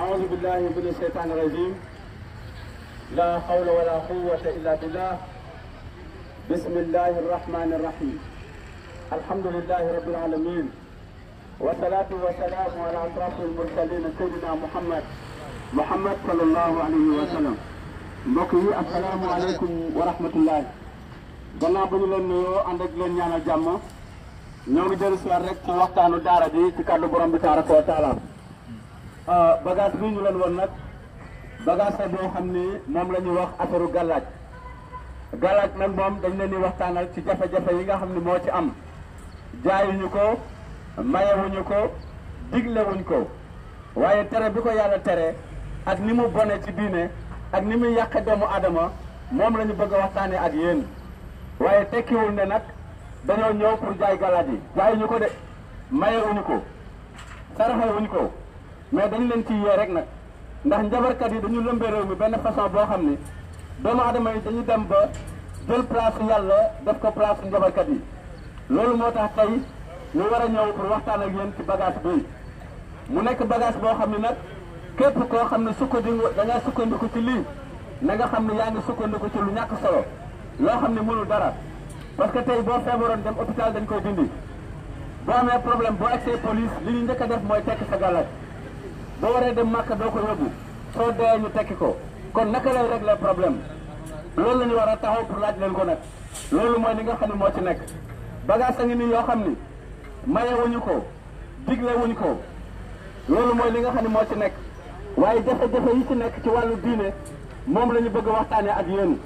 أعوذ بالله من الشيطان الرجيم لا حول ولا قوة إلا بالله بسم الله الرحمن الرحيم الحمد لله رب العالمين والصلاة والسلام على أطراف المرسلين سيدنا محمد محمد صلى الله عليه وسلم بقي السلام عليكم ورحمة الله بنا بني لن نيو عندك لن نيانا جامع نيو جرسوا رك تي وقتانو داردي برمبتارك وطالب Euh, bagage bi ñu leen woon nag bagage la boo xam ni moom la ñuy wax affaire gàllaaj gàllaaj nag moom dañ leen di waxtaanal ci jafe-jafe yi nga xam ni moo ci am jaayuñu ko mayewuñu ko diglewuñ ko waaye tere bi ko yàlla tere ak ni mu bone ci diine ak ni muy yàq doomu aadama moom la bëgg a waxtaanee ak yéen waaye tekkiwul ne nag dañoo ñëw pour jaay gàllaaj yi jaayuñu ko de mayewuñu ko saraxewuñ ko mais dañu leen ciy rek nag ndax njabarkat yi dañu lëmbe réew mi benn façon boo xam ni doomu adama yi dañu dem ba jël place yàlla def ko place njabarkat yi loolu moo tax tey ñu war a ñëw pour waxtaan ak yéen ci bagaas bi mu nekk bagage boo xam ne nag képp koo xam ne sukkandiku da nga sukkandiku ci lii na nga xam ne yaa ngi sukkandiku ci lu ñàkk solo loo xam ne mënul dara parce que tey boo feebaroon dem hôpital dañ koy dindi boo amee problème boo agsee police li ñu njëkk a def mooy tekk sa boo waree dem màkk doo ko yóbbu soo dee ñu tekki ko kon naka lay régler problème loolu la ñu war a taxaw pour laaj leen ko nag loolu mooy li nga xam ne moo ci nekk bagage a ngi nii yoo xam ni mayewuñu ko diglewuñ ko loolu mooy li nga xam ne moo ci nekk waaye jafe-jafe yi ci nekk ci wàllu diine moom la ñu bëgg waxtaanee ak yéen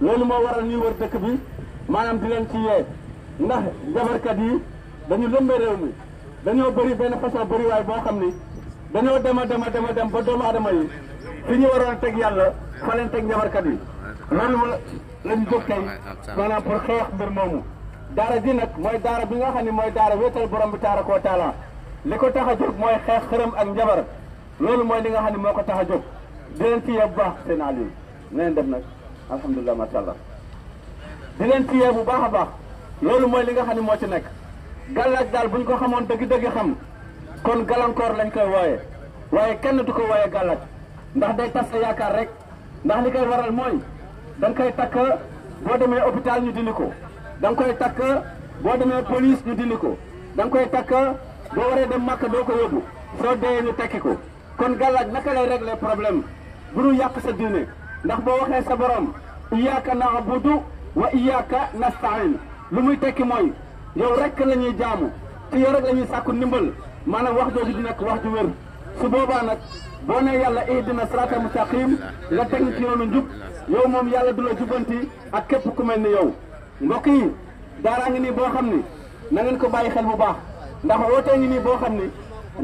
loolu moo waral ñuy wër dëkk bi maanaam di leen ci yee ndax jabarkat yi dañu lëmbe réew mi dañoo bëri benn façon bëriwaay boo xam ni dañoo dem a dem a dem a dem ba doomu aadama yi fi ñu waroon a teg yàlla fa leen teg njabarkat yi loolu la lañ jóg tey maanaam pour xeex mbir moomu daara ji nag mooy daara bi nga xam ne mooy daara wéetal borom bi taara koo taalaa li ko tax a jóg mooy xeex xërëm ak njabar loolu mooy li nga xam ne moo ko tax a jóg di leen téye bu baax seen àll yi na leen dem nag alhamdulilah macha allah di leen téye bu baax a baax loolu mooy li nga xam ne moo ci nekk gàllaaj daal bu ñu ko xamoon dëgg-dëgg xam kon gàllankoor lañ koy wooye waaye kenn du ko wooye gàllaaj ndax day tas sa yaakaar rek ndax li koy waral mooy danga koy takk boo demee hôpital ñu dindi ko da nga koy takk boo demee police ñu dindi ko da nga koy takk boo waree dem màkk doo ko yóbbu soo dee ñu tekki ko kon gàllaaj naka lay régler problème bu ñu yàq sa diine ndax boo waxee sa borom iyaaka na'budu wa iyaaka nasta'in lu muy tekki mooy yow rek la ñuy jaamu ci yow lañuy sàkku ndimbal maanaam wax jooju di nekk wax ju wér su boobaa nag boo ne yàlla ihdina siraatal mustaqim nga teg ci yoonu njub yow moom yàlla du la jubanti ak képp ku mel ni yow mbokk yi daaraa ngi nii boo xam ni na ngeen ko bàyyi xel bu baax ndax wootee ngi nii boo xam ni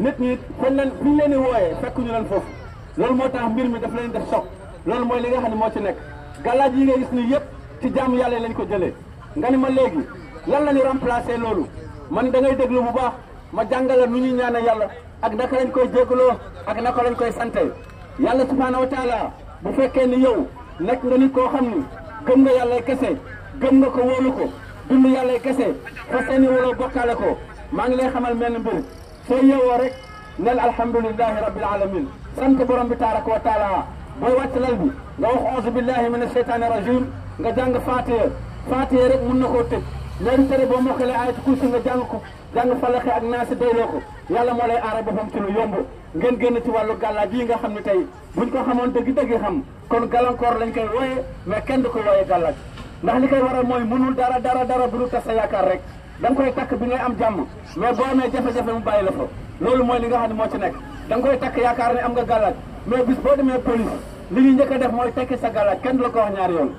nit ñi fañ leen fi ñu leen di wooyee fekkuñu leen foofu loolu moo tax mbir mi daf leen def soog loolu mooy li nga xam ne ci nekk galaaj yi nga gis nii yëpp ci jaamu yàlla lañ ko jëlee nga ni ma léegi lan la ñu remplacé loolu man da ngay déglu bu baax ma jàngale nu ñuy ñaane yàlla ak naka lañ koy jégaloo ak naka lañ koy sante yàlla subhaana wa taala bu fekkee ni yow nekk nga nit koo xam ni gëm nga yàlla kese gëm nga ko wóolu ko dund yàlla kese fa seeni woloo bokkaale ko maa ngi lay xamal mel ni mbir soo yeewoo rek nel alhamdulillahi rabbil alamin sant borom bi tabaraka wa taala booy wàcc lal bi nga wax auzu billahi min asheytaani rajim nga jàng faatiya faatiya rek mun na koo tëj leen tere boo mokkalee ayat kursi nga jàng ko jàng falaxe ak naasi doyloo ko yàlla moo lay aara boppam ci lu yomb ngeen génn ci wàllu gàllaaj yi nga xam ne tey buñ ko xamoon dëgg dëgg xam kon gàllankoor lañ koy wooyee mais kenn du ko wooyee gàllaaj ndax li koy waral mooy mënul dara dara dara bu dul tas sa yaakaar rek da nga koy takk bi ngay am jàmm mais boo amee jafe-jafe mu bàyyi la fa loolu mooy li nga xam ne moo ci nekk da koy takk yaakaar ne am nga gàllaaj mais boo demee police li ñuy njëkk a def mooy tekki sa gàllaaj kenn du la ko wax ñaari yoon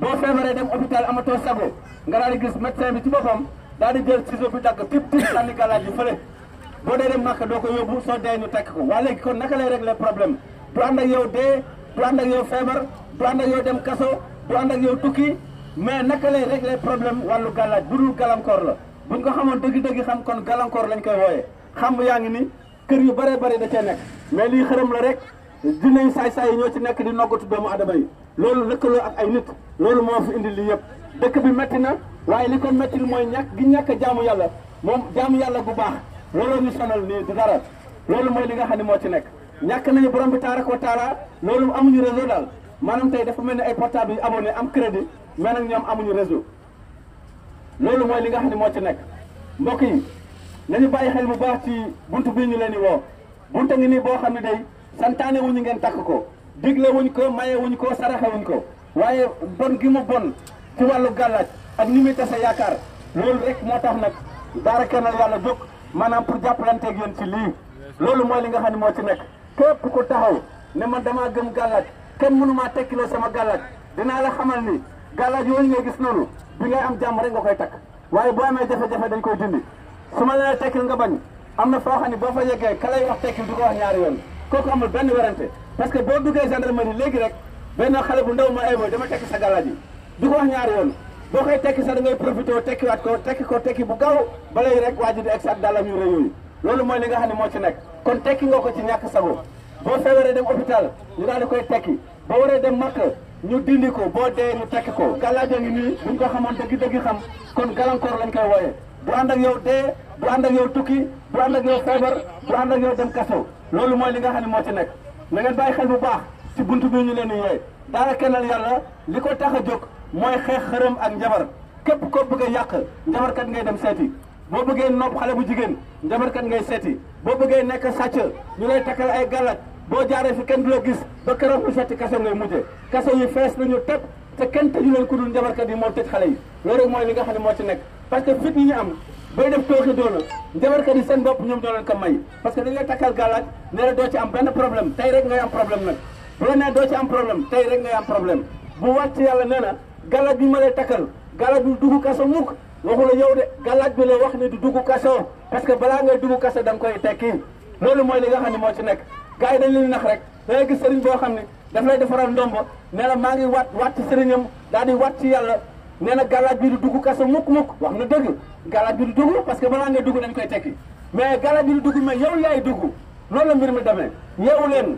boo feebaree dem hôpital amatoo sago nga daal di gis médecin bi ci boppam daal di jël ciseau bi dagg tip tip sànni galaaj bi fële boo dee dem màkk doo ko yóbbu soo dee ñu tekk ko waa léegi kon naka lay régler problème du ànd ak yow dee du ànd ak yow feebar du ànd ak yow dem kaso du ànd ak yow tukki mais naka lay régler problème wàllu gàllaaj bu dul gàllankoor la buñ ko xamoon dëgg-dëgg xam kon gàllankoor lañ koy wooye xam yaa ngi ni kër yu bare bare da cee nekk mais lii rek dinañ saay-saay yi ñoo ci nekk di noggatu doomu adama yi loolu lëkkaloo ak ay nit loolu moo fi indi li yëpp dëkk bi métti na waaye li ko métti mooy ñàkk gi ñàkk a jaamu yàlla moom jaamu yàlla bu baax looloo ñu sonal nii du dara loolu mooy li nga xam ne moo ci nekk ñàkk nañu borom bi taaraka wa taala loolu amuñu réseau daal maanaam tey dafa mel ni ay portable yu abonné am crédit mais nag ñoom amuñu réseau loolu mooy li nga xam ne moo ci nekk mbokk yi nañu bàyyi xel bu baax ci buntu bii ñu leen di woo bunta ngi nii boo xam ne day santaane wuñu ngeen takk ko digle wuñ ko maye wuñ ko saraxe wuñ ko waaye bon gi mu bon ci wàllu gàllaaj ak ni muy tase yaakaar loolu rek moo tax nag daara Kennel Yàlla jóg maanaam pour jàppalanteeg yéen ci lii loolu mooy li nga xam ne moo ci nekk képp ku taxaw ne man damaa gëm gàllaaj kenn mënumaa tekkiloo sama gàllaaj dinaa la xamal ni gàllaaj yooyu ngay gis noonu bi nga am jàmm rek nga koy takk waaye boo amee jafe-jafe dañ koy dindi su ma la tekkil nga bañ am na foo xam ne boo fa yeggee ka lay wax tekkil ko wax ñaari yoon kooku amul benn werante parce que boo duggee gendarmerie léegi rek benn xale bu ndaw ma ay mooy dama tekki sa galaaj yi du ko wax ñaari yoon boo koy tekki sax da ngay profité tekkiwaat ko tekki ko tekki bu gaaw ba léegi rek waa ji di egg sax dàllam yu rëy yooyu loolu mooy li nga xam ne moo ci nekk kon tekki nga ko ci ñàkk sago boo feebaree dem hôpital ñu daal di koy tekki boo waree dem màkk ñu dindi ko boo dee ñu tekki ko galaaj a ngi nii buñ ko xamoon dëgg dëgg xam kon gàllankoor lañ koy wooyee bu ànd ak yow dee bu ànd ak yow tukki bu ànd ak yow feebar bu ànd ak yow dem kaso loolu mooy li nga xam ne moo ci nekk na ngeen bàyyi xel bu baax si bunt bi ñu leen di yooy daara kennal yàlla li ko tax a jóg mooy xeex xërëm ak njabar képp ko bëgg a yàq njabarkat ngay dem seeti boo bëggee nopp xale bu jigéen njabarkat ngay seeti boo bëggee nekk sàcc ñu leen takkal ay gallat boo jaaree fi kenn du a gis ba keroog ñu seeti kaso ngay mujje kaso yi fees nañu tepp te kenn tëju leen ku dul njabarkat yi moo tëj xale yi loolu rek mooy li nga xam ne moo ci nekk parce que fit yi ñu am bay def tooxi doona njabarkat yi seen bopp ñoom ñoo leen ko may parce que dañ lay takkal gàllaaj ne la doo ci am benn problème tey rek ngay am problème nag bu la ci am problème tey rek ngay am problème bu wàcc yàlla nee na gàllaaj bi ma lay takkal gàllaaj bu dugg kaso mukk waxu la yow de gàllaaj bi la wax ne du dugg kaso parce que balaa ngay dugg kaso da nga koy tekki loolu mooy li nga xam ne moo ci nekk gars yi dañ leen nax rek da gis sëriñ boo xam ne daf lay defaral ndombo ne la maa ngi waat waat ci sëriñam yàlla nee na galaaj bi du dugg kaso mukk mukk wax na dëgg galaaj bi du dugg parce que balaa ngay dugg dañ koy tekki mais galaaj bi du dugg mais yow yaay dugg loolu la mbir mi demee yeewu leen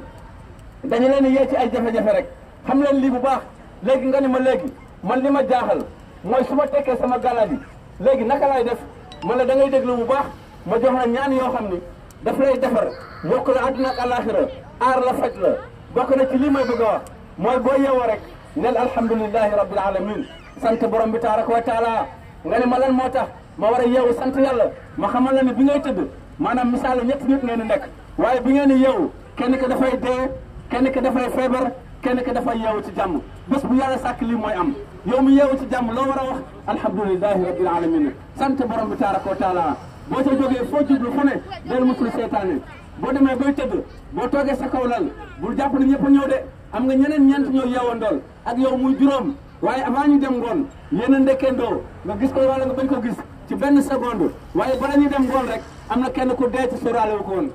dañu leen yee ci ay jafe-jafe rek xam leen lii bu baax léegi nga ni ma léegi man li ma jaaxal mooy su ma tekkee sama galaaj yi léegi naka laay def man la da ngay déglu bu baax ma jox la ñaan yoo xam ni daf lay defar yokk la àdduna ak àllaaxira aar la faj la bokk na ci li may bëgg a wax mooy boo yeewoo rek nel alhamdulilahi rabbil alamin sant borom bi tabaraka wa taala nga ne ma lan moo tax ma war a yeewu sant yàlla ma xamal la ne bi ngay tëdd maanaam misaalu ñetti nit ngeen di nekk waaye bi ngeen di yeewu kenn ki dafay dee kenn ki dafay feebar kenn ki dafay yeewu ci jàmm bés bu yàlla sàkk lii mooy am yow mi yeewu ci jàmm loo war a wax alhamdulilahi rabbil alamin sant borom bi tabaraka wa taala boo ca jógee foo jublu fu ne del musul seytaane boo demee bay tëdd boo toogee sa kaw lal bul jàpp ne ñëpp ñëw de am nga ñeneen ñeent ñoo yeewandool ak yow muy juróom waaye avant ñu dem ngoon yéen a ndekkendoo nga gis ko wala nga bañ ko gis ci benn seconde waaye bala ñu dem ngoon rek am na kenn ku dee ci sóoraale wu ko woon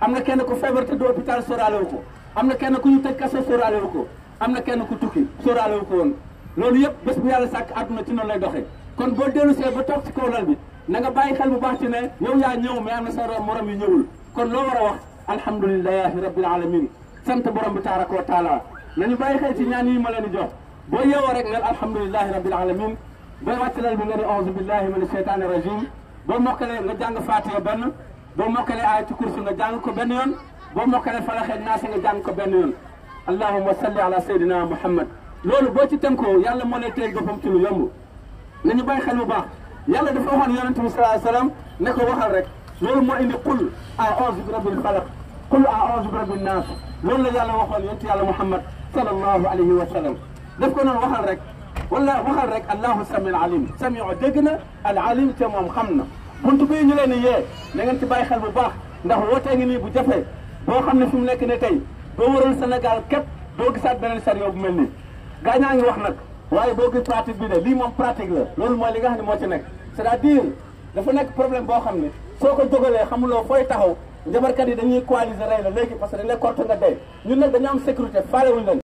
am na kenn ku feebar te doo hôpital sóoraale wu ko am na kenn ku ñu tëj kaso sóoraale wu ko am na kenn ku tukki sóoraale wu ko woon loolu yëpp bés bu yàlla sàkk àdduna ci noonu lay doxee kon boo dellu see ba toog ci kaw lal bi na nga bàyyi xel bu baax ci ne yow yaa ñëw mais am na sa morom yu ñëwul kon loo war a wax alhamdulilahi rabbil alamin sant borom bi taaraka wa taala nañu bàyyi xel ci ma leen di jox ويو رك نال الحمد لله رب العالمين بل واتل البنري أعوذ بالله من الشيطان الرجيم بل مكلي نجان فاتي بن بل مكلي آية كرسي نجان كبنيون بل مكلي فلاح الناس نجان كبنيون اللهم صل على سيدنا محمد لول بوتي تنكو يالا موني تيل دوفم تلو يومو نيني باي خلو با يالا دفوهان يونت صلى الله عليه وسلم نكو وخال رك لول مو اندي قل أعوذ برب الفلق قل أعوذ برب الناس لول يالا وخال يونت يالا محمد صلى الله عليه وسلم دفكون وخر رك ولا وخر رك الله سمع العليم سمع دغنا العليم تمام خمنا بنت بي ني لين ييه لا نين تي باي خال بو باخ نده ووتي ني بو جافه بو خمنا فيم نيك ني تاي بو ورون سنغال كيب بو غيسات بنن سار يوب ملني غاني نغي وخ نك واي بو غي براتيك بي لي موم براتيك لا لول موي لي غاني موتي نك سي دير دا فا نيك بروبليم بو خمنا سوكو جوغالي خملو فوي تاخو جبر كات دي دانيي كواليزي ري لا ليكي باسكو لي كورتو نغا داي ني نك دانيو